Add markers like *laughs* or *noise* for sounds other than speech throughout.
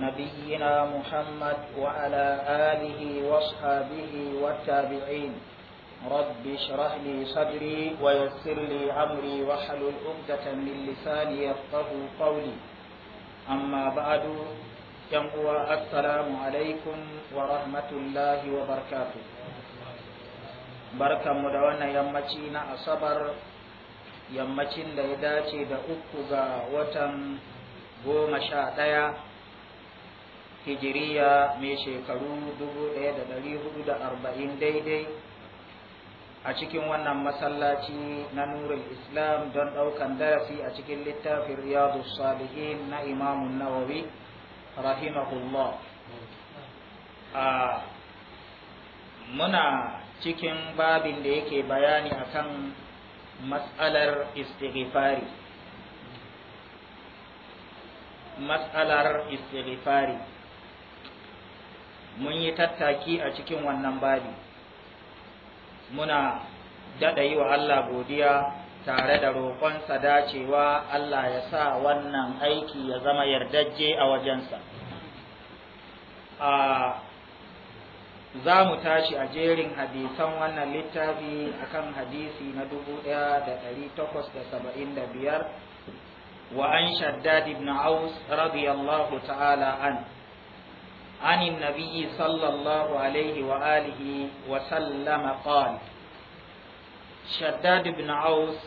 نبينا محمد وعلى آله وصحبه والتابعين رب اشرح لي صدري ويسر لي أمري واحلل عقدة من لساني يفقه قولي أما بعد ينقوى السلام عليكم ورحمة الله وبركاته بركة da يمتين أصبر يمتين asabar yammacin da ya dace da hijiriya mi shekaru dubu ɗaya da ɗari huɗu da arba'in daidai a cikin wannan masallaci na nurul islam don ɗaukan darasi a cikin littafin riyadu salihin na imamu nawawi rahimahullah a muna cikin babin da yake bayani akan matsalar istighifari matsalar istighifari mun yi tattaki a cikin wannan babi muna daɗa yi wa Allah godiya tare da roƙonsa dacewa Allah ya sa wannan aiki ya zama yardajje a wajensa za mu tashi a jerin hadisan wannan littafi akan hadisi na 1875 wa an shaddad ibn aus radiyallahu ta'ala an عن النبي صلى الله عليه وآله وسلم قال شداد بن عوس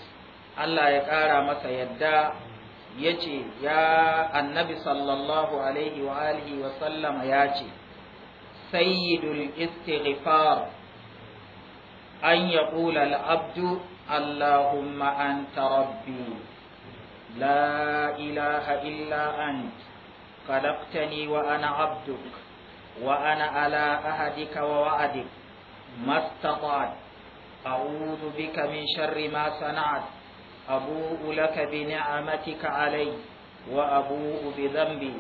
الله يقارى مسا يدا يجي يا النبي صلى الله عليه وآله وسلم يجي سيد الاستغفار أن يقول العبد اللهم أنت ربي لا إله إلا أنت خلقتني وأنا عبدك وأنا على أهدك ووعدك ما استطعت أعوذ بك من شر ما صنعت أبوء لك بنعمتك علي وأبوء بذنبي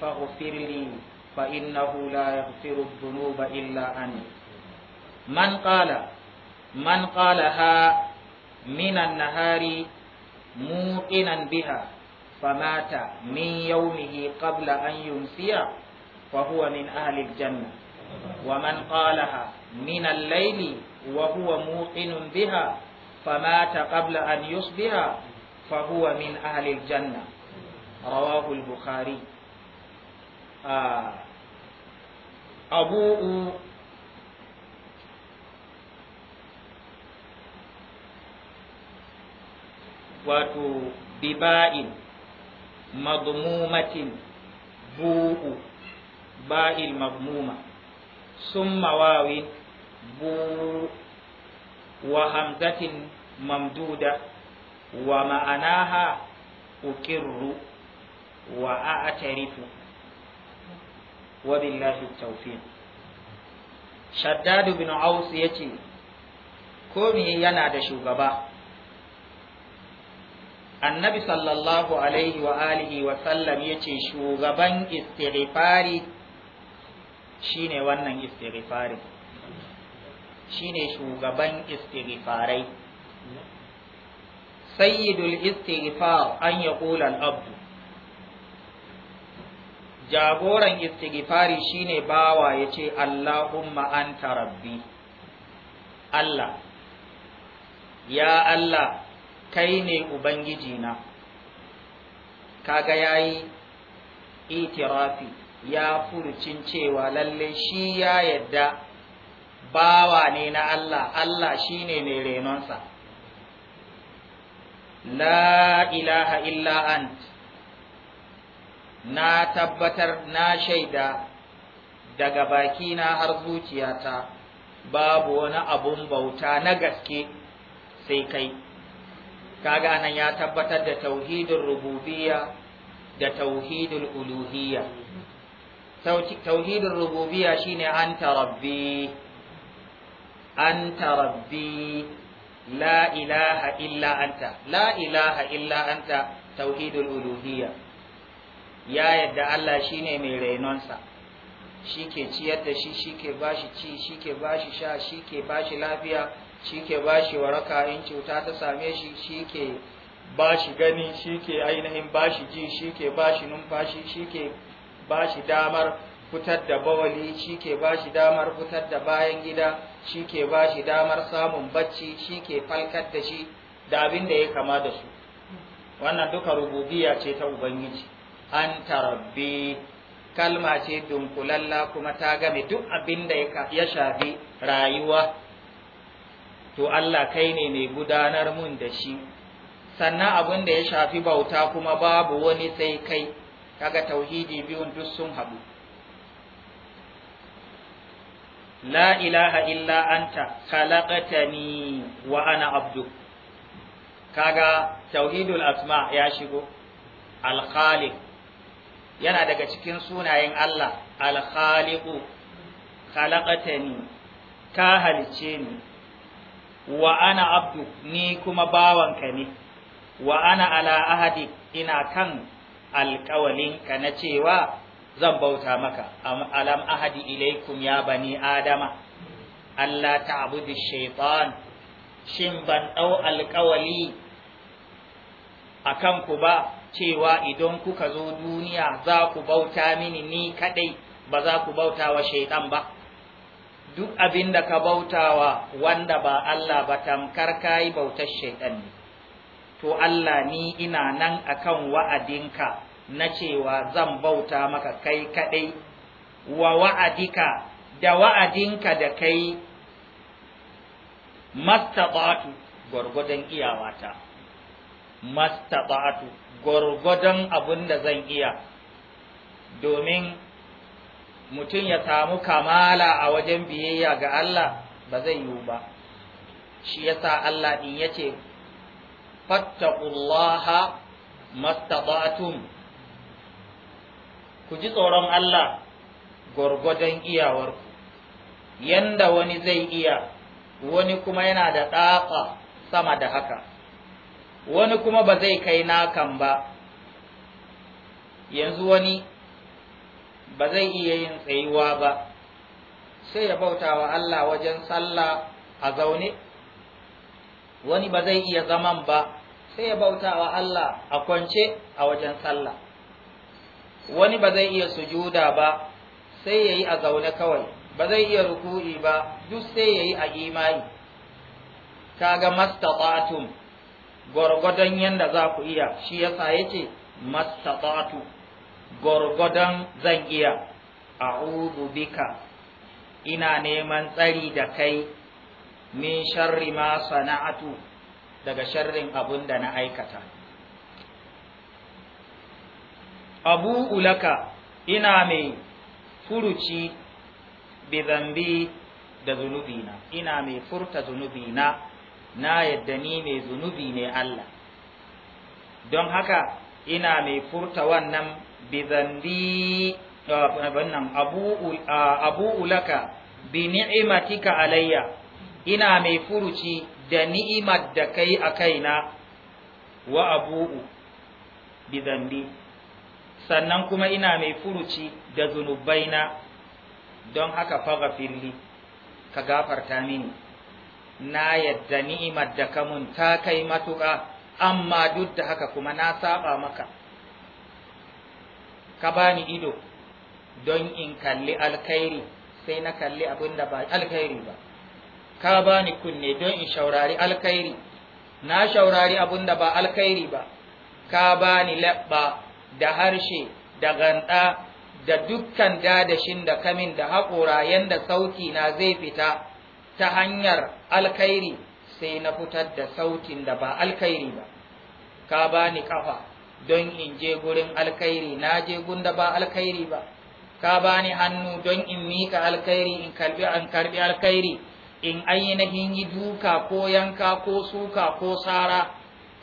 فاغفر لي فإنه لا يغفر الذنوب إلا أنت من قال من قالها من النهار موقنا بها فمات من يومه قبل أن يمسيه فهو من أهل الجنة ومن قالها من الليل وهو موقن بها فمات قبل أن يصبح فهو من أهل الجنة رواه البخاري آه أبوء wato biba'in مضمومة بوء ba'il magmuma summa wawi bu wa hamzatin mamduda wa ma'anaha uqirru wa a'tarifu wa billahi taufin. Shaddadu bin aus ce komi yana da shugaba annabi sallallahu alaihi wa alihi wa sallam yace shugaban istighfari shine wannan istighfarin shine shugaban istighfarai sayyidul istighfar an yaqula al-abdu jagoran istighfari shine bawa yace ce Allahumma anta rabbi Allah ya Allah kai ne ubangiji na kaga yayi itirafi ya furucin cewa lalle shi ya yadda bawa ne na Allah Allah shi ne mai renonsa la ilaha illa ant na tabbatar na shaida daga bakina har zuciyata babu wani abun bauta na gaske sai kai kaga nan ya tabbatar da tauhidin rububiyya da tauhidul uluhiyya tauhidin rububiya shine أنت ربي أنت ربي لا إله إلا أنت لا إله إلا أنت توحيد الألوهية يا يد Allah shine mai rainonsa Shike ciyar da shi shike bashi ci shike bashi sha shike bashi lafiya shike bashi waraka in cuta ta same shi shike bashi gani shike ainihin bashi ji shike bashi numfashi shike. ba shi damar fitar da bawali shi ke ba shi damar fitar da bayan gida shi ke ba shi damar samun bacci shi ke falkar da shi da abin da ya kama da su wannan duka rububiya ce ta ubangiji an tarabbi kalma ce dunkulalla kuma ta game duk abin da ya shafi rayuwa to Allah kai ne mai gudanar mun da shi sannan abin da ya shafi bauta kuma babu wani sai kai kaga tauhidi biyun duk sun haɗu la ilaha illa anta khalaqtani wa ana abdu kaga tauhidul asma ya shigo al yana daga cikin sunayen Allah al khaliqu khalaqtani ka halice ni wa ana abdu ni kuma bawanka ne wa ana ala ahadi ina kan alƙawalinka na cewa zan bauta maka alam ahadi ilaikum ya bani adama Allah ta'budu shaitan shin ban ɗau alƙawali a kanku ba cewa idan kuka zo duniya za ku bauta mini ni kaɗai ba za ku bauta wa shaitan ba duk abin da ka bautawa wanda ba Allah ba tamkar kayi bautar shaitan ne to Allah ni ina nan akan wa'adinka na cewa zan bauta maka kai kadai wa wa'adika da wa'adinka da kai mastata'atu gwargwadon iyawata mastata'atu gwargwadon abin da zan iya domin mutum ya samu kamala a wajen biyayya ga Allah ba zai yiwu ba shi yasa Allah din yace fattaqullaha mastata'tum ku ji tsoron Allah gwargwadon iyawarku yanda wani zai iya wani kuma yana da ɗaƙa sama da haka wani kuma ba zai kai nakan ba yanzu wani ba zai iya yin tsayuwa ba sai ya bauta wa Allah wajen sallah a zaune wani ba zai iya zaman ba sai ya bauta wa Allah a kwance a wajen sallah wani ba zai iya sujuda ba sai ya yi a zaune kawai ba zai iya ruku'i ba duk sai ya yi a imani kaga mastata'tum gwargwadon yadda za ku iya shi yasa yace mastata'tu gwargwadon zan iya a'udhu bika ina neman tsari da kai min sharri ma sana'atu daga sharrin abun da na aikata abu ulaka ina mai furuci bi zambi da zunubina ina mai furta zunubina na yadda ni mai zunubi ne Allah don haka ina mai furta wannan bi wannan eh, eh, abu ulaka bi ni'imatika alayya ina mai furuci da ni'imar da kai a kaina wa abu'u bi sannan kuma ina mai furuci da zunubaina don haka faga fili ka gafarta mini na yadda ni'imar da kamun ta kai matuƙa amma duk da haka kuma na saba maka ka bani ido don in kalli alkhairi sai na kalli abin da ba alkhairi ba ka bani kunne don in shaurari alkhairi na shaurari abun da ba alkhairi ba ka bani labba da harshe da ganda da dukkan dadashin da kamin da haƙura yanda sauti na zai fita ta hanyar alkhairi sai na fitar da sautin da ba alkhairi ba ka bani kafa don in je gurin alkhairi na je gunda ba alkhairi ba ka bani hannu don in mika alkhairi in karbi an karbi alkhairi in ainihin yi duka ko yanka ko suka ko sara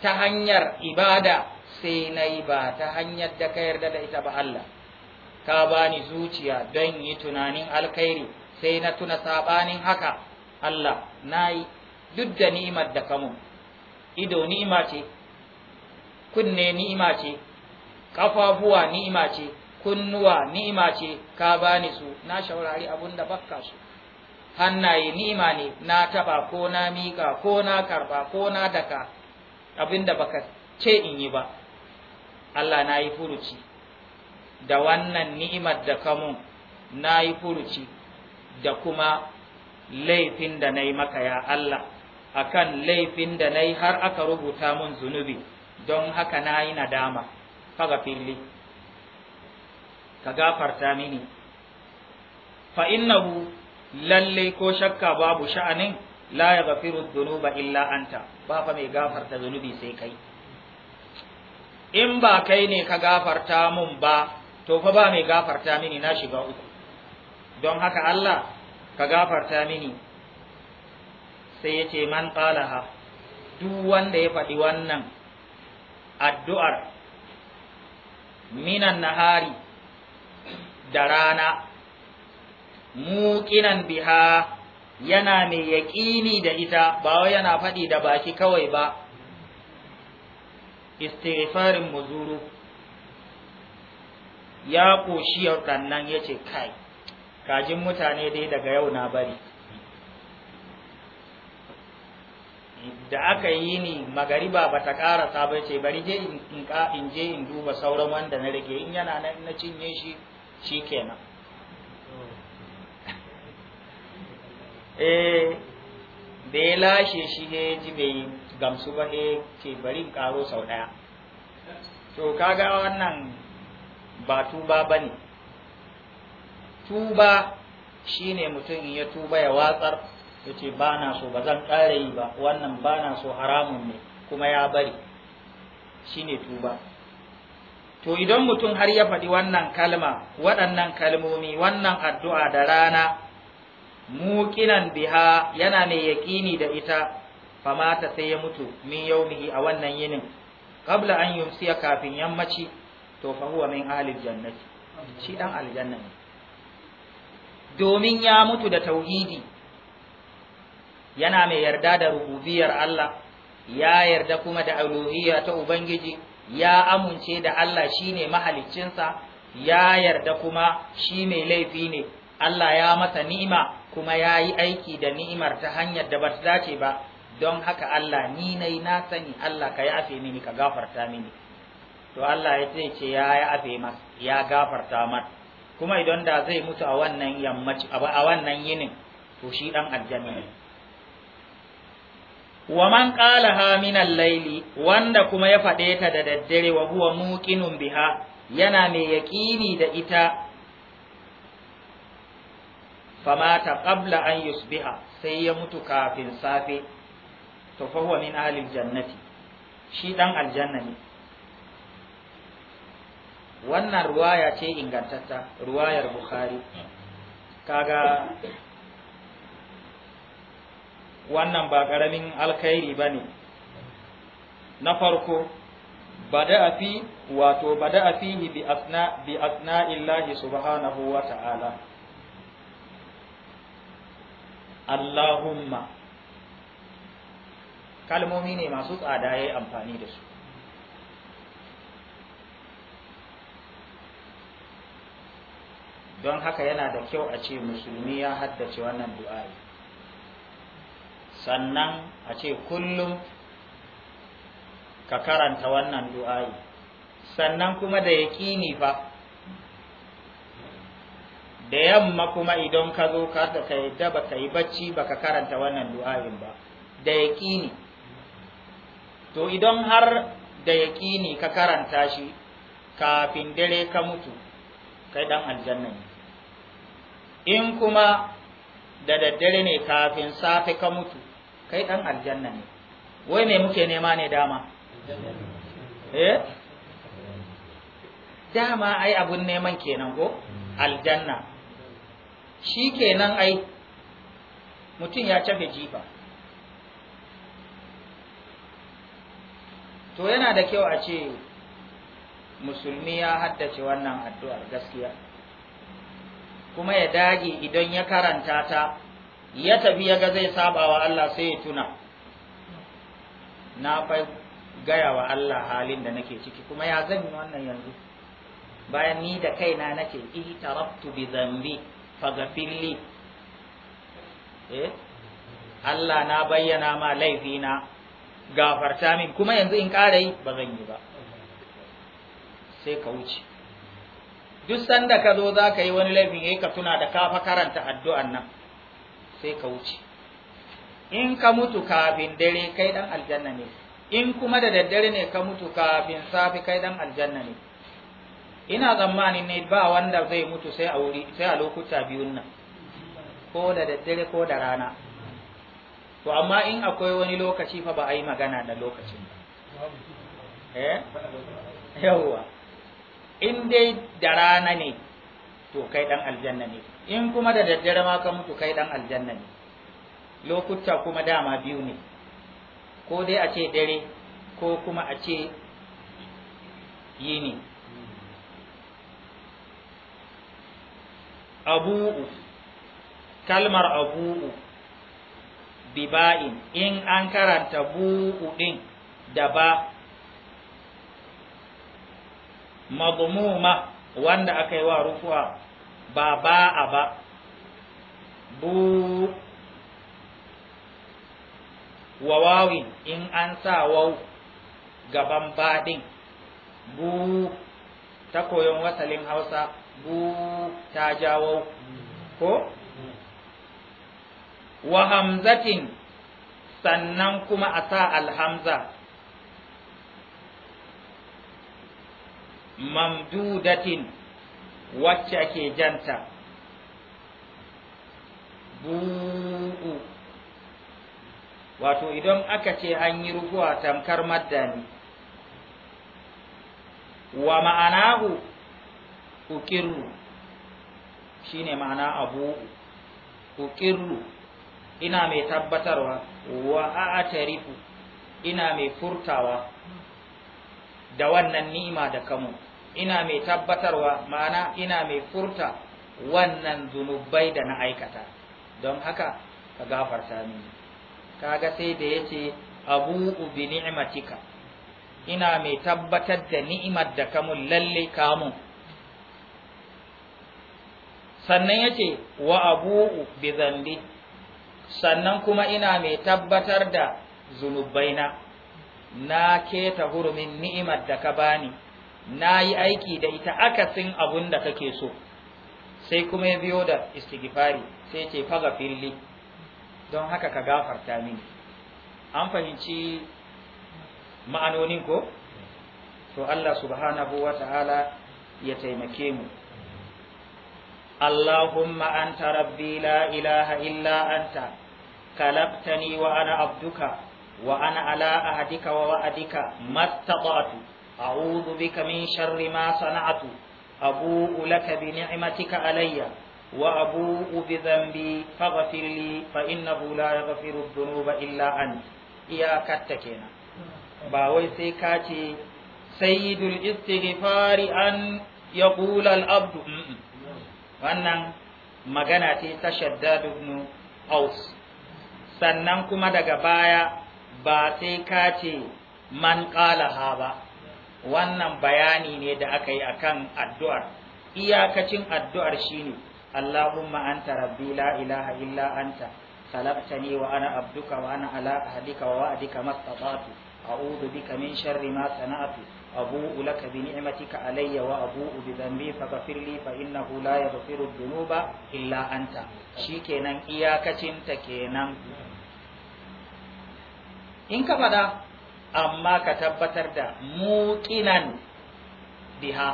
ta hanyar ibada sai na yi ba ta hanyar da ka yarda da ita ba Allah ka bani zuciya don yi tunanin alkhairi sai na tuna saɓanin haka Allah na yi duk da ni'imar da kamun ido ni'ima ce kunne ni'ima ce ƙafafuwa ni'ima ce kunnuwa ni'ima ce ka bani su na shaurari abun da bakka su hannaye ni'ima ne na taɓa, ko na mika, ko na karɓa ko na daka abinda baka ce in yi ba Allah na yi furuci da wannan ni'imar da kamun na yi furuci da kuma laifin da na yi maka ya Allah akan laifin da na yi har aka rubuta mun zunubi don haka na yi nadama faga fili ka gafarta mini fa innahu lalle ko shakka babu sha'anin la ya gafiru dhunuba illa anta ba fa mai gafarta zunubi sai kai in ba kai ne ka gafarta mun ba to fa ba mai gafarta mini na shiga uku don haka Allah ka gafarta mini sai ya ce man qalaha duk wanda ya faɗi wannan addu'ar minan nahari da rana muqinan biha yana mai yaƙini da ita ba wai yana faɗi da baki kawai ba istighfarin muzuru ya ƙoshi yau nan ya ce kai kajin mutane dai daga yau na bari da aka yi ni magariba ba ta ƙara ba ce bari je in je in duba sauran wanda na rage in yana nan na cinye shi shi kenan eh da lashe shi he ji bai gamsu ba he ce bari karo sau daya to kaga wannan ba tuba ba ne tuba shine mutum ya tuba ya watsar ya ce ba na so ba zan ƙara yi ba wannan ba na so haramun ne kuma ya bari shine tuba to idan mutum har ya faɗi wannan kalma waɗannan kalmomi wannan addu'a da rana muqinan biha yana mai yaqini da ita famata sai ya mutu min yaumihi a wannan yinin qabla an yumsiya kafin yammaci to fa huwa min ahli jannati shi dan aljanna ne domin ya mutu da tauhidi yana mai yarda da rububiyar Allah ya yarda kuma da aluhiyya ta ubangiji ya amince da Allah shine mahaliccinsa ya yarda kuma shi mai laifi ne Allah ya mata ni'ima kuma ya yi aiki da ni'imar ta hanyar da ba ta dace ba don haka Allah ni nai na sani Allah ka yafe mini ka gafarta mini to Allah ya zai ce ya yafe mas, ya gafarta mat kuma idan da zai mutu a wannan yammaci a wannan yinin to shi dan aljanna ne wa man ha min al-layli wanda kuma ya fade ta da daddare wa huwa muqinun biha yana mai yaƙini da ita famata qabla an yusbiha sai ya mutu kafin safe to fa huwa min ahli jannati shi dan aljanna ne wannan ruwaya ce ingantatta ruwayar bukhari kaga wannan ba ƙaramin alkhairi ba ne na farko bada fi wato bada fihi bi asna bi asna illahi subhanahu wa ta'ala Allahumma kalmomi ne masu tsada ya yi amfani da su don haka yana da kyau a ce musulmi ya haddace wannan du'ari, sannan a ce kullum ka karanta wannan du'a'i sannan kuma da yaƙini fa da yamma kuma idan ka zo ka ka yadda ka yi bacci ba ka karanta wannan du'a'in ba da yaqini to idan har da yaqini ka karanta shi kafin dare ka mutu kai dan aljanna ne in kuma da daddare ne kafin safe ka mutu kai dan aljanna ne wai me muke nema ne dama eh dama ai abun neman kenan ko aljanna shi kenan ai mutum ya cafe jifa to yana da kyau a ce musulmi ya haddace wannan addu'ar gaskiya kuma ya dage idan ya karanta ta ya tafi ya ga zai saba wa Allah sai ya tuna na fai gaya wa Allah halin da nake ciki kuma ya zan wannan yanzu bayan ni da kaina nake ihtarabtu bi zambi fili. eh Allah na bayyana ma laifina gafarta min kuma yanzu in ƙara yi ba zan yi ba sai ka wuce duk sanda ka zo za ka yi wani laifin ya ka tuna da kafa karanta addu'an nan sai ka wuce in ka mutu kafin dare kai dan aljanna ne in kuma da daddare ne ka mutu kafin safi kai dan aljanna ne ina tsammanin ne ba wanda zai mutu sai a wuri sai a lokuta biyun nan ko da daddare ko da rana to amma in akwai wani lokaci fa ba a yi magana da lokacin ba eh yawwa in dai da rana ne to kai dan aljanna ne in kuma da daddare ma ka mutu kai dan aljanna ne lokuta kuma dama biyu ne ko dai a ce dare ko kuma a ce yini abu'u kalmar abu'u biba'in in an karanta bu'u ɗin da ba madmuma wanda aka yi wa rufuwa ba ba'a ba bu wawawin in an sa wau gaban baɗin bu ta koyon wasalin hausa bu ta jawo ko wa hamzatin sannan kuma a sa alhamza mamdudatin wacce ke janta Bu. wato idan aka ce an yi rubuwa tamkar maddani wa ma'anahu uqirru shine ma'ana abu uqirru ina mai tabbatarwa wa a'tarifu ina mai furtawa da wannan ni'ima da kamu ina mai tabbatarwa ma'ana ina mai furta wannan zunubai da na aikata don haka ka gafarta mini kaga sai da yace abu'u bi ni'matika ina mai tabbatar da ni'imar da kamun lalle kamun sannan ya ce wa abu bi zambi sannan kuma ina mai tabbatar da zunubaina na keta hurumin ni'imar da ka bani na yi aiki da ita akasin abun da kake so sai kuma ya biyo da istighfari sai ce faga filli don haka ka gafarta mini an fahimci ma'anonin ko to Allah subhanahu wa ta'ala ya taimake mu اللهم أنت ربي لا إله إلا أنت كلبتني وأنا عبدك وأنا على عهدك ووعدك ما استطعت أعوذ بك من شر ما صنعت أبوء لك بنعمتك علي وأبوء بذنبي فاغفر لي فإنه لا يغفر الذنوب إلا أنت يا كتكينا باوي سيكاتي سيد الاستغفار أن يقول الأبد م -م. wannan magana ce ta shaddad ibn aus sannan kuma daga baya ba sai ka ce man qalaha ba wannan bayani ne da aka yi akan addu'ar iyakacin addu'ar shine Allahumma anta rabbi la ilaha illa anta khalaqtani wa ana abduka wa ana ala ahdika wa wa'dika mastata'tu أعوذ بك من شر ما صنعت أبوء لك بنعمتك علي وأبوء بذنبي فغفر لي فإنه لا يغفر الذنوب إلا أنت شيكينا إياك تنتكينا إن كفدا أما كتبتر دا موقنا بها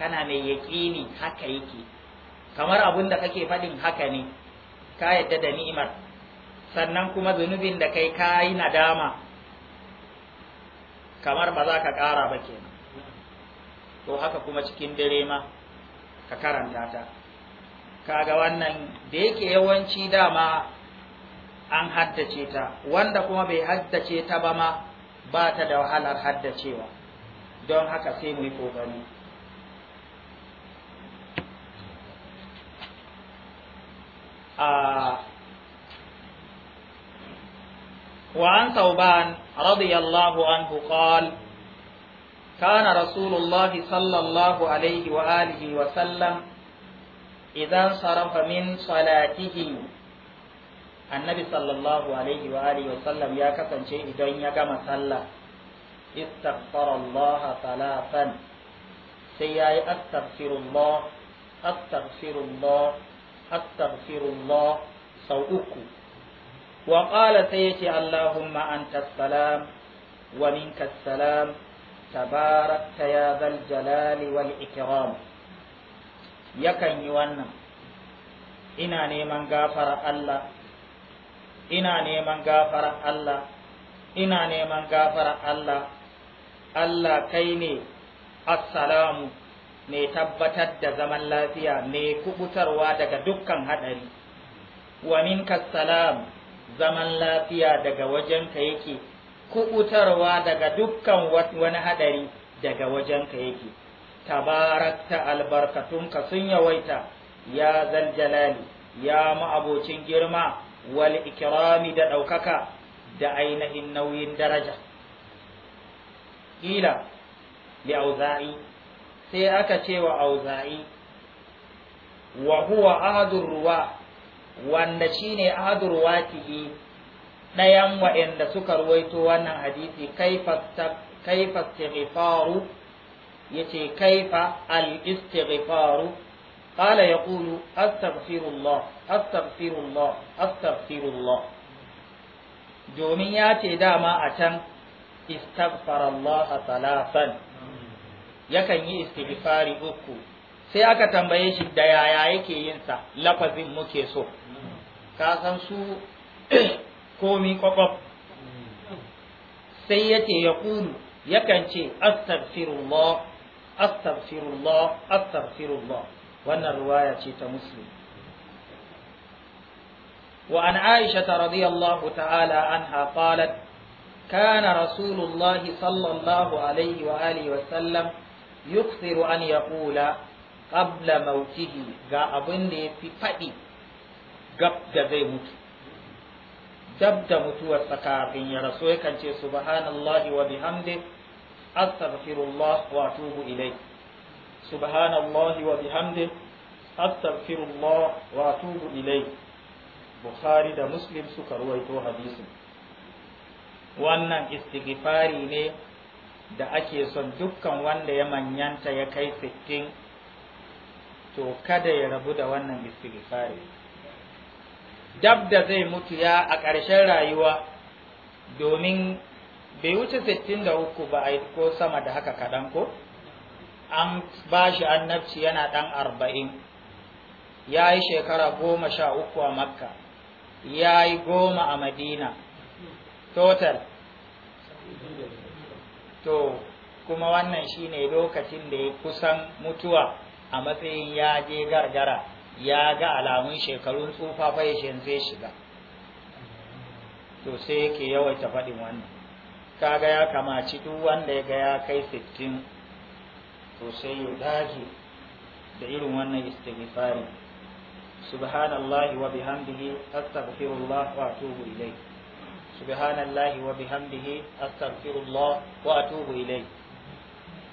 كان ميكيني هكا يكي kamar abin da kake faɗin haka ne ka yadda da ni'imar sannan kuma zunubin da kai ka nadama kamar ba za ka ƙara ba kenan to haka kuma cikin dare ma ka karanta ta kaga wannan da yake yawanci dama an haddace ta wanda kuma bai haddace ta ba ma ba ta da wahalar haddacewa don haka sai mu yi kokari a ah, وعن ثوبان رضي الله عنه قال كان رسول الله صلى الله عليه وآله وسلم إذا صرف من صلاته النبي صلى الله عليه وآله وسلم يا كتن شيء جن يقام صلى استغفر الله ثلاثا سيأي أستغفر الله أستغفر الله أستغفر الله سوءكم wa qala sai yace Allahumma antas salam wa salam tabarakta ya zal jalali wal ikram yakan yi wannan ina neman gafara Allah ina neman gafara Allah Allah kai ne assalamu mai tabbatar da zaman lafiya mai kubutarwa daga dukkan haɗari wa salam zaman lafiya daga wajenka yake kubutarwa daga dukkan wani hadari daga wajenka yake tabarakta albarkatunka sun yawaita ya zaljalali ya ma'abocin girma wal ikrami da ɗaukaka da ainihin nauyin daraja ƙila li auza'i sai aka ce wa auza'i wa huwa ahadur ruwa wanda shine adur waqi'i ɗayan waɗanda suka ruwaito wannan hadisi kaifa istighfaru yace kaifa al istighfaru قال يقول أستغفر الله أستغفر domin ya ce dama a can istaghfarallah salasan yakan yi istighfari uku sai aka tambaye shi da yaya yake yin sa lafazin muke so ka san su *clears throat* komi kwakwaf sai yace ya kulu yakan ce astaghfirullah astaghfirullah wannan ruwaya ce ta muslim وعن عائشة رضي الله تعالى عنها قالت كان رسول الله صلى الله عليه وآله وسلم يكثر أن يقول قبل موته ga abin da ya faɗi gab da zai mutu dab da mutuwar kafin ya rasu yakan ce subhanallahi wa bihamdi astaghfirullah wa atubu ilai subhanallahi wa bihamdi astaghfirullah wa atubu ilai bukhari da muslim suka ruwaito hadisi. wannan istighfari ne da ake son dukkan wanda ya manyanta ya kai sittin to kada ya rabu da wannan istighfari dab da zai mutu ya a ƙarshen rayuwa domin bai wuce 63 ba a yi ko sama da haka kaɗan ko an ba shi annabci yana ɗan arba'in ya yi shekara goma sha uku a makka ya yi goma a madina total to kuma wannan shine lokacin da ya kusan mutuwa a matsayin ya je gargara ya ga alamun shekarun tsufa fa ya zai shiga to sai yake yawaita faɗin wannan kaga ya kamaci duk wanda ya ga ya kai sittin to sai ya dage da irin wannan istighfari subhanallahi wa bihamdihi astaghfirullah wa atubu ilayh subhanallahi wa bihamdihi astaghfirullah wa atubu ilayh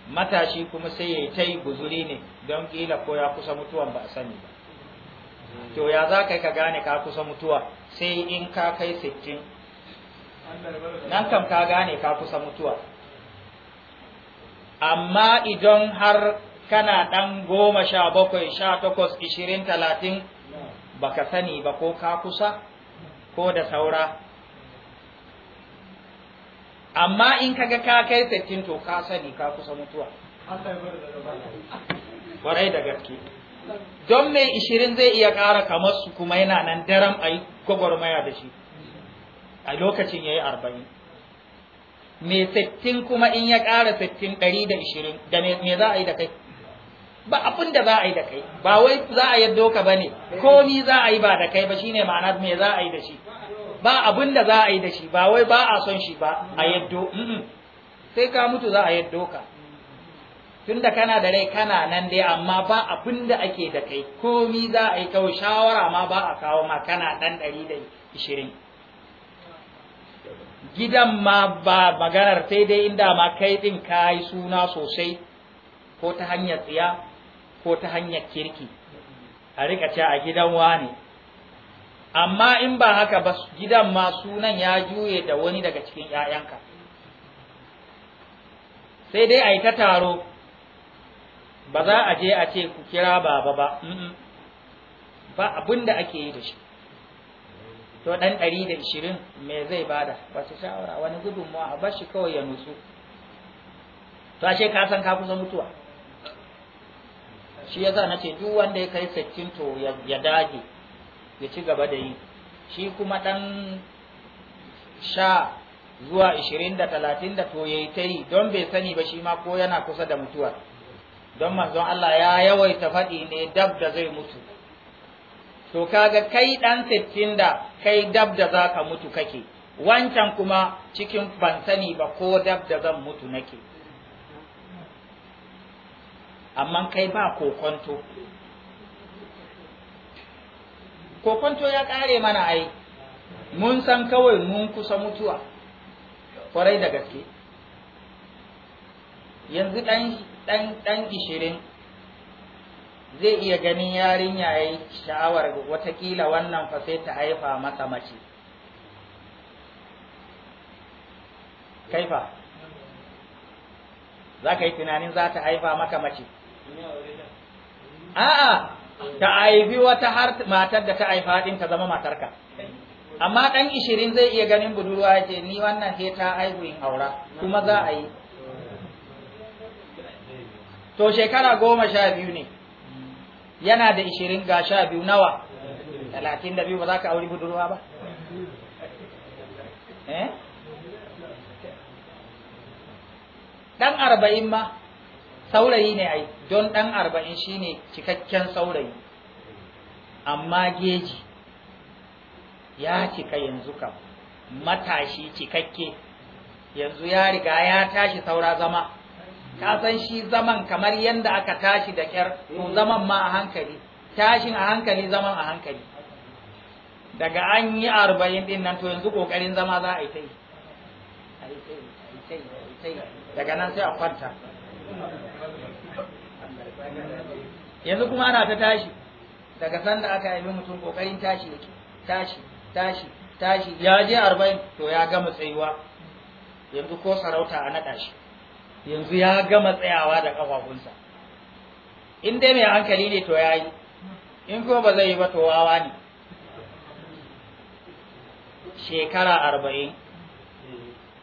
matashi kuma sai yayi tai guzuri ne don kila ko ya kusa mutuwan ba a sani ba to ya za ka ka gane ka kusa mutuwa sai in ka kai sittin nan kam ka gane ka kusa mutuwa amma idan har kana ɗan goma sha bakwai sha takwas ishirin talatin ba ka sani ba ko ka kusa ko da saura amma in kaga ka kai sittin to ka sani ka kusa mutuwa kwarai da gaske don mai ishirin zai iya ƙara kamar su kuma yana nan daren a yi gwagwarmaya da shi a lokacin ya yi arba'in mai sittin kuma in ya ƙara sittin ɗari da ishirin da me za a yi da kai ba abin da za a yi da kai ba wai za a yaddo ka ba ne komi za a yi ba da kai ba shine ma'ana me za a yi da shi ba abin da za a yi da shi ba wai ba a son shi ba a yaddo sai ka mutu za a yaddo ka tunda kana da rai kana nan dai amma ba abin da ake da kai komi za a yi kawo shawara ma ba a kawo ma kana ɗan ɗari da ishirin gidan ma ba maganar sai dai inda ma kai ɗin ka yi suna sosai ko ta hanyar tsiya ko ta hanyar kirki a rika ce a gidan ne. amma in ba haka ba gidan ma sunan ya juye da wani daga cikin ‘ya'yanka sai dai a yi ta taro ba za a je a ce ku kira baba ba ba abin da ake yi da shi to dan 120 me zai bada su shawara wani gudunmawa a bashi kawai ya nutsu to ce ka san ka kusa mutuwa shi yasa ce duk wanda ya kai sittin to ya dage ya ci gaba da yi shi kuma dan sha zuwa ishirin da talatin da to ya yi ta yi don bai sani ba shi ma ko yana kusa da mutuwa don manzon Allah ya yawaita faɗi ne dab da zai mutu to kaga kai ɗan sittin da kai dab da za ka mutu kake wancan kuma cikin ban sani ba ko dab da zan mutu nake amma kai ba kokonto kokonto ya ƙare mana ai mun san kawai mun kusa mutuwa kwarai da gaske yanzu ɗan ɗan ishirin zai iya ganin yarinya ya yi sha'awar watakila wannan fa sai ta haifa masa mace kaifa za ka yi tunanin za ta haifa maka mace a'a ta aibi wata har matar da ta haifa din ta zama matarka amma ɗan ishirin zai iya ganin budurwa ya ce ni wannan sai ta haihu in aura kuma za a yi to shekara goma sha biyu ne yana da ishirin ga sha biyu nawa talatin da biyu ba za ka auri budurwa ba ɗan eh? arba'in ma saurayi ne ai don ɗan arba'in shi ne cikakken saurayi amma geji ya cika yanzu kam matashi cikakke yanzu ya riga ya tashi saura zama ka san shi zaman kamar yadda aka tashi da kyar to eh. zaman ma a hankali tashin a hankali zaman a hankali daga an yi arba'in din nan to yanzu kokarin zama za a yi ta yi daga nan sai a kwanta yanzu kuma ana ta tashi daga sanda aka yi mutum kokarin tashi yake tashi tashi tashi ya je arba'in to ya gama tsayuwa yanzu ko sarauta a naɗa shi yanzu ya gama tsayawa da ƙafafunsa. in dai mai hankali ne to yayi in kuma ba zai yi ba to wawa ne shekara arba'in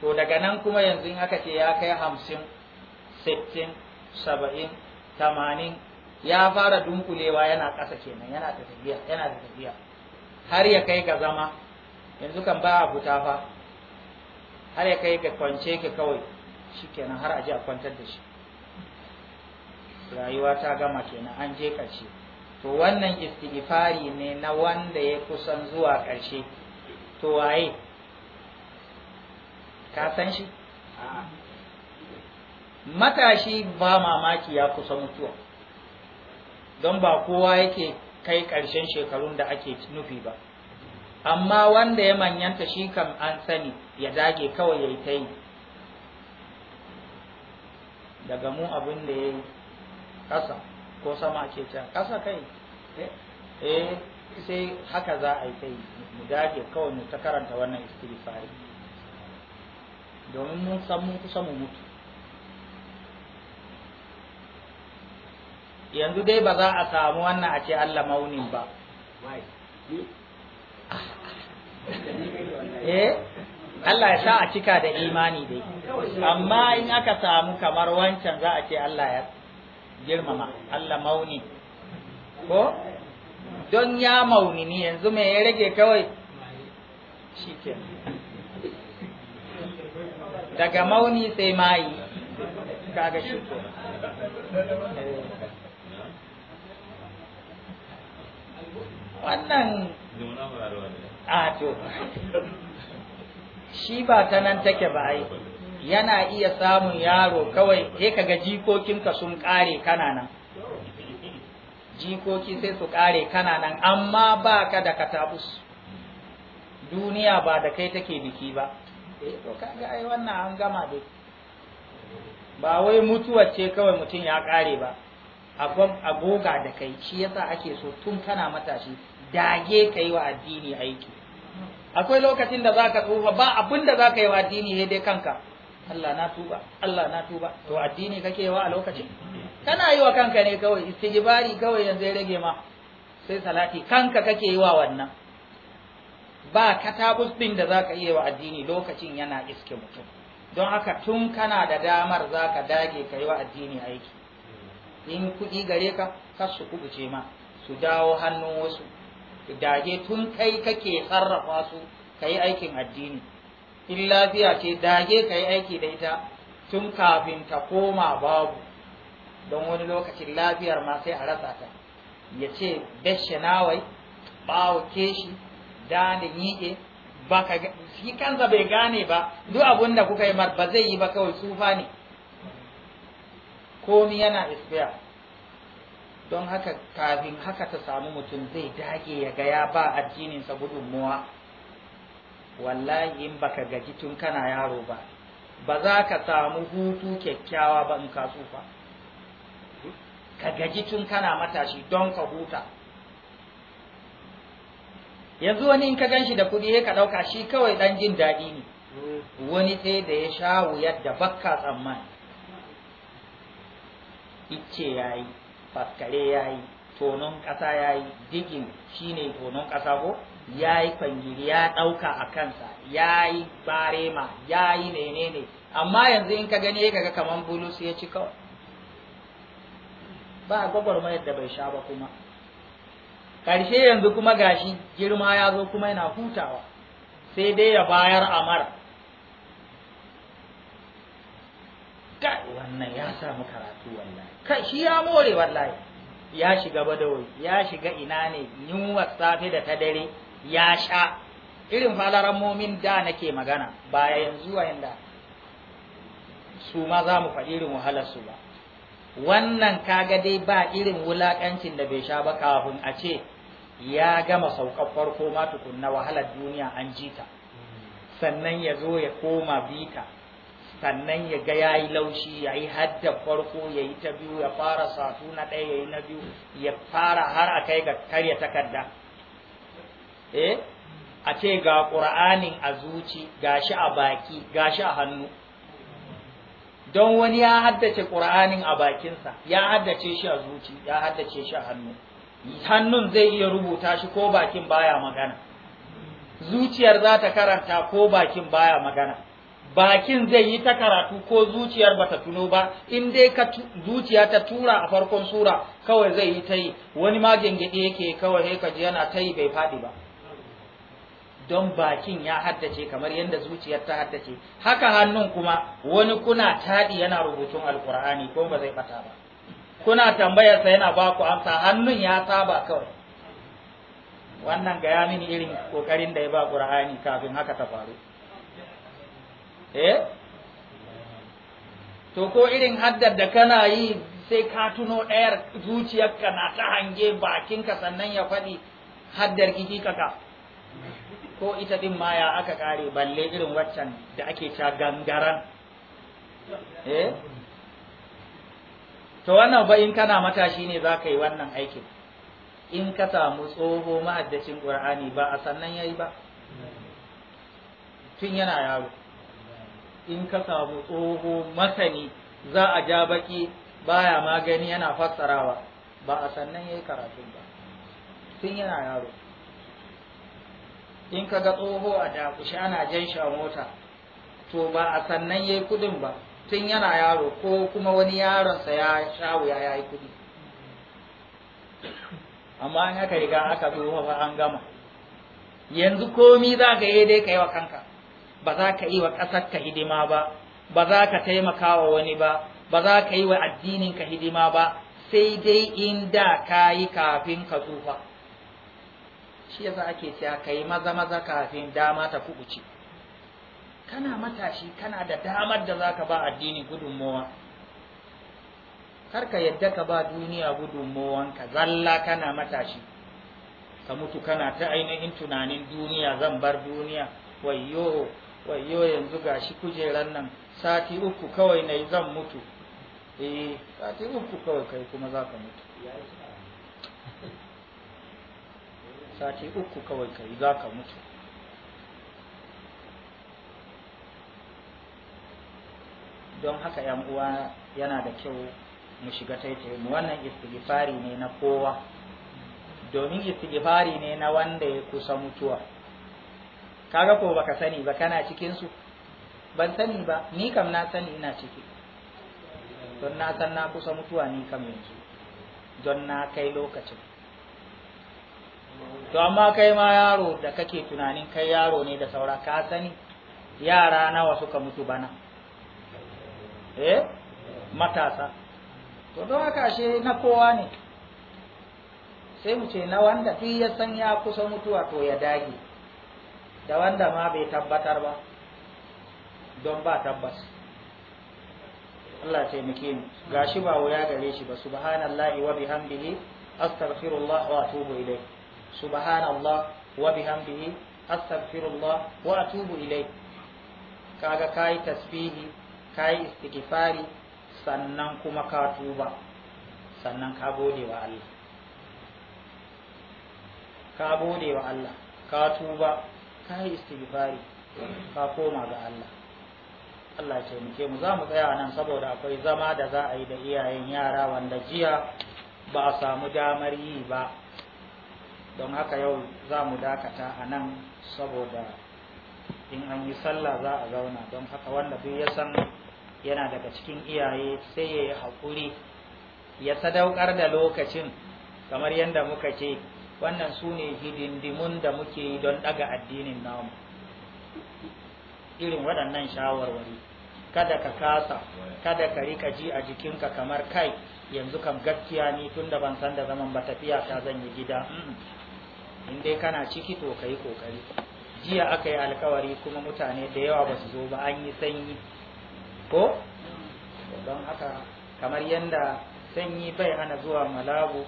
to daga nan kuma yanzu in aka ce ya kai hamsin sittin saba'in tamanin ya fara dunkulewa yana ƙasa kenan yana da tafiya yana da tafiya har ya kai ga zama yanzu kan ba a fita fa har ya kai ga kwance ke kawai shikenan har a ji a kwantar da shi rayuwa ta gama kenan an je ƙarshe to wannan istighfari ne na wanda ya kusan zuwa ƙarshe to waye ka san shi matashi ba mamaki ya kusa mutuwa don ba kowa yake kai ƙarshen shekarun da ake nufi ba amma wanda ya manyanta shi kan an sani ya dage kawai ya yi ta yi daga mu abin da ya ƙasa ko sama ke can ƙasa kai eh, eh sai haka za a yi kai mu dage kawai mu ta karanta wannan istighfari domin mun san mun kusa mu mutu yanzu dai ba za a samu wannan a ce Allah maunin ba eh Allah ya sa a cika da imani dai amma in aka samu kamar wancan za a ce Allah ya girmama Allah mauni ko don ya mauni ni yanzu me ya rage kawai ke. daga mauni sai mayi kaga shi ko eh. wannan a ah, to *laughs* shi ba ta nan take ba ai yana iya samun yaro kawai sai kaga jikokinka sun kare kana jikoki sai su kare kana amma ba ka da katabus duniya ba da kai take biki ba eh to kaga ai wannan an gama dai ba wai mutuwa ce kawai mutum ya kare ba agoga da kai shi yasa ake so tun kana matashi dage kai wa addini aiki akwai lokacin da zaka tsufa ba abin da zaka yi wa addini sai dai kanka Allah na tuba Allah na tuba to addini kake wa a lokacin kana yi wa kanka ne kawai istighfari kawai yanzu ya rage ma sai salati kanka kake yi wa wannan ba katabus din da zaka yi wa addini lokacin yana iske mutum don haka tun kana da damar zaka dage ka yi wa addini aiki in kuɗi gare ka kasu su kubuce ma su dawo hannun wasu dage tun kai kake sarrafa su kai aikin addini in lafiya ce dage kai aiki da ita tun kafin ta koma babu don wani lokacin lafiyar ma sai a rasa ta ya ce dashe nawai bawo keshi da yiƙe baka shi kansa bai gane ba duk abin da kuka yi ba zai yi ba kawai tsufa ne komi yana expire don haka kafin haka ta samu mutum zai dage ya ga ya ba addininsa gudunmuwa wallahi in baka gaji tun kana yaro ba ba za ka samu hutu kyakkyawa ba in ka tsufa ka gaji tun kana matashi don ka huta yanzu wani in ka gan shi da kuɗi ya ka ɗauka shi kawai ɗan jin daɗi ne wani sai da ya sha wuyar da bakka tsammani ice ya yi faskare ya yi tonon ƙasa ya yi digin shi ne tonon ƙasa ko ya yi kwangiri ya ɗauka a kansa ya yi barema ya yi menene amma yanzu in ka gani ya kaga kaman bulus ya ci kawai ba gwagwarmayar da bai sha ba kuma ƙarshe yanzu kuma gashi girma ya zo kuma yana hutawa sai dai ya bayar amara kai wannan ya samu karatu wallahi kai shi ya more wallahi ya shiga badawai ya shiga ina ne yunwa safe da ta dare ya sha irin falaran momin da nake magana ba yanzu inda su ma za mu faɗi irin wahalar ba wannan kaga dai ba irin wulaƙancin da bai sha ba kafin a ce ya gama saukar farko ma tukunna wahalar duniya an jita mm. sannan ya zo ya koma bita sannan ya ga ya yi laushi ya yi hadda farko ya yi ta biyu ya fara satu na ɗaya ya yi na biyu ya fara har a kai ga karya takarda eh a ce ga ƙur'ani a zuci gashi a baki gashi a hannu don wani ya haddace ƙur'anin a bakinsa ya haddace shi a zuci ya haddace shi a hannu hannun zai iya rubuta shi ko bakin baya magana zuciyar za ta karanta ko bakin baya magana bakin zai yi ta karatu ko zuciyar bata tuno ba in dai ka zuciya ta tura a farkon sura kawai zai yi ta yi wani ma gengede yake kawai sai ka ji yana ta yi bai faɗi ba don bakin ya haddace kamar yadda zuciyar ta haddace haka hannun kuma wani kuna taɗi yana rubutun alkur'ani ko ba zai bata ba kuna tambayarsa yana baku amsa hannun ya saba kawai wannan gaya mini irin ƙoƙarin da ya ba ƙur'ani kafin haka ta faru eh to ko irin haddar da kana yi sai ka tuno ɗayar zuciyarka na ta hange bakinka sannan ya faɗi haddar ka. ko ita ɗin ma ya aka ƙare balle irin waccan da ake ta gangaran eh to wannan ba in kana matashi ne za ka yi wannan aikin in ka samu tsoho ma'addacin ƙur'ani ba a sannan ya yi ba tun yana yaro in ka samu tsoho masani za a ja baki baya magani yana fassarawa ba a sannan yayi karatu ba tun yana yaro in ka ga tsoho a dakushe ana jan shi a mota to ba a sannan yayi kudin ba tun yana yaro ko kuma wani yaronsa ya sha wuya ya yi kudi amma in aka riga aka zo fa an gama yanzu komi za ka yi dai ka yi wa kanka ba za ka yi wa ka hidima ba ba za ka taimaka wa wani ba ba za ka yi wa addininka hidima ba sai dai in da ka yi kafin ka tsufa shi yasa ake cewa ka yi maza maza kafin dama ta kubuce kana matashi kana da damar da za ka ba addini gudunmowa kar ka yadda ka ba duniya ka zalla kana matashi ka mutu kana ta ainihin tunanin duniya zan bar duniya wayyo wayo yanzu gashi kujeran nan sati uku kawai na zan mutu eh sati uku kawai kai kuma za ka mutu sati uku kawai kai za ka mutu don haka yan uwa yana da kyau mu shiga mu wannan istighfari ne na kowa domin istighfari ne na wanda ya kusa mutuwa kaga ko baka sani ba kana cikin su ban sani ba ni kam na sani ina ciki don na san na kusa mutuwa ni kam yanzu don na kai lokacin to amma kai ma yaro da kake tunanin kai yaro ne da saura ka sani yara nawa suka mutu bana eh matasa to don haka ashe na kowa ne sai mu ce na wanda duk ya san ya kusa mutuwa to ya dage da wanda ma bai tabbatar ba don ba tabbas Allah taimake mu gashi ba wuya gare shi ba subhanallahi wa bihamdihi astaghfirullah wa atubu ilayh subhanallah wa bihamdihi astaghfirullah wa atubu ilayh kaga kai tasbihi kai istighfari sannan kuma ka tuba sannan ka gode wa Allah ka gode wa Allah ka tuba ka yi istighfari ka koma ga Allah Allah ce muke mu za mu tsaya nan saboda akwai zama da za a yi da iyayen yara wanda jiya ba a samu damar yi ba don haka yau za mu dakata a nan saboda in an yi sallah za a zauna don haka wanda duk ya san yana daga cikin iyaye sai ya yi haƙuri ya sadaukar da lokacin kamar yadda muka ce wannan su ne hidindimun da muke yi don ɗaga addinin namu irin waɗannan shawarwari kada ka kasa kada ka rika ji a jikinka kamar kai yanzu kam gaskiya ni tun da ban san da zaman ba tafiya ta zan yi gida mm. in dai kana ciki to ka yi kokari jiya aka yi alkawari kuma mutane da yawa ba su zo ba an yi sanyi ko don haka kamar yadda sanyi bai hana zuwa malabu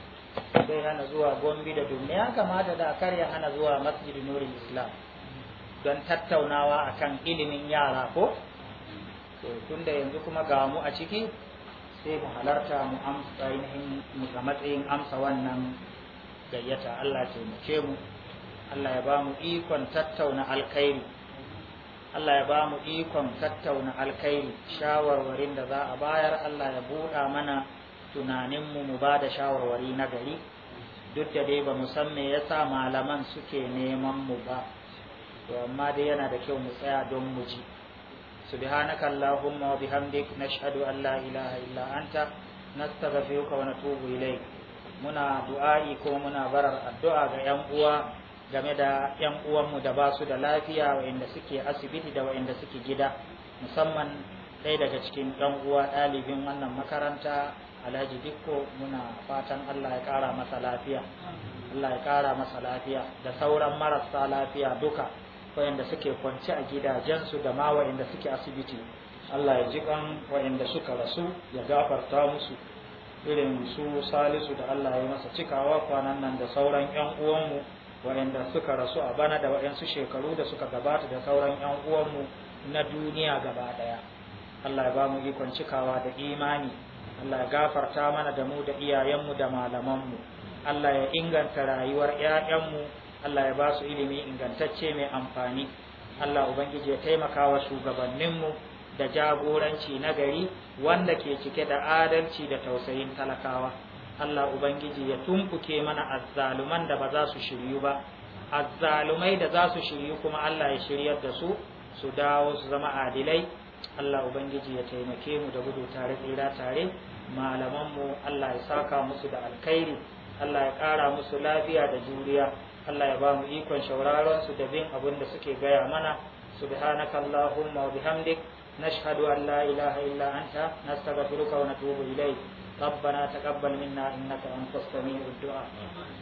Sai hana zuwa gombe da duniya ya kamata da kar ya hana zuwa masjid nurin islam don tattaunawa akan ilimin yara ko to tunda yanzu kuma ga mu a ciki sai mu halarta mu amsa ainihin ga matsayin amsa wannan gayyata Allah taimake mu Allah ya ba mu ikon tattauna alkhairi Allah ya ba mu ikon tattauna alkhairi shawarwarin da za a bayar Allah ya buɗa mana tunaninmu mu ba da shawarwari na gari duk da dai ba mu san me yasa malaman suke neman mu ba to amma dai yana da kyau mu tsaya don mu ji wa bihamdik nashhadu an la ilaha illa anta nastaghfiruka wa natubu إليك muna du'a'i ko muna barar addu'a ga 'yan uwa game da 'yan uwanmu da ba su da lafiya wa'inda suke asibiti da wa'inda suke gida musamman ɗaya daga cikin 'yan uwa ɗalibin wannan makaranta alhaji dikko muna fatan allah ya kara masa lafiya allah ya kara masa lafiya da sauran marasa lafiya duka wayanda suke kwance a gidajensu da ma wayanda suke asibiti allah ya jikan kan suka rasu ya gafarta musu irin su salisu da allah ya masa cikawa kwanan nan da sauran yan uwanmu wayanda suka rasu a bana da wayansu shekaru da suka gabata da sauran yan uwanmu na duniya gaba daya Allah ya ba mu ikon cikawa da imani Allah ya gafarta mana da mu da iyayenmu da malamanmu Allah ya inganta rayuwar 'ya'yanmu Allah ya ba su ilimi ingantacce mai amfani Allah ubangiji ya taimaka wa shugabanninmu da jagoranci na gari wanda ke cike da adalci da tausayin talakawa Allah ubangiji ya tumbuke mana azzaluman da ba za su shiryu ba azzalumai da za su shiryu kuma Allah ya shiryar da su su dawo su zama adilai Allah Ubangiji ya taimake mu da gudu tare tsira tare malamanmu Allah ya saka musu da alkhairi Allah ya ƙara musu lafiya da juriya Allah ya ba mu ikon shauraron su da bin abin da suke gaya mana subhanaka allahumma wa bihamdik nashhadu an la ilaha illa anta nastaghfiruka wa natubu ilayk ربنا تقبل منا انك انت السميع الدعاء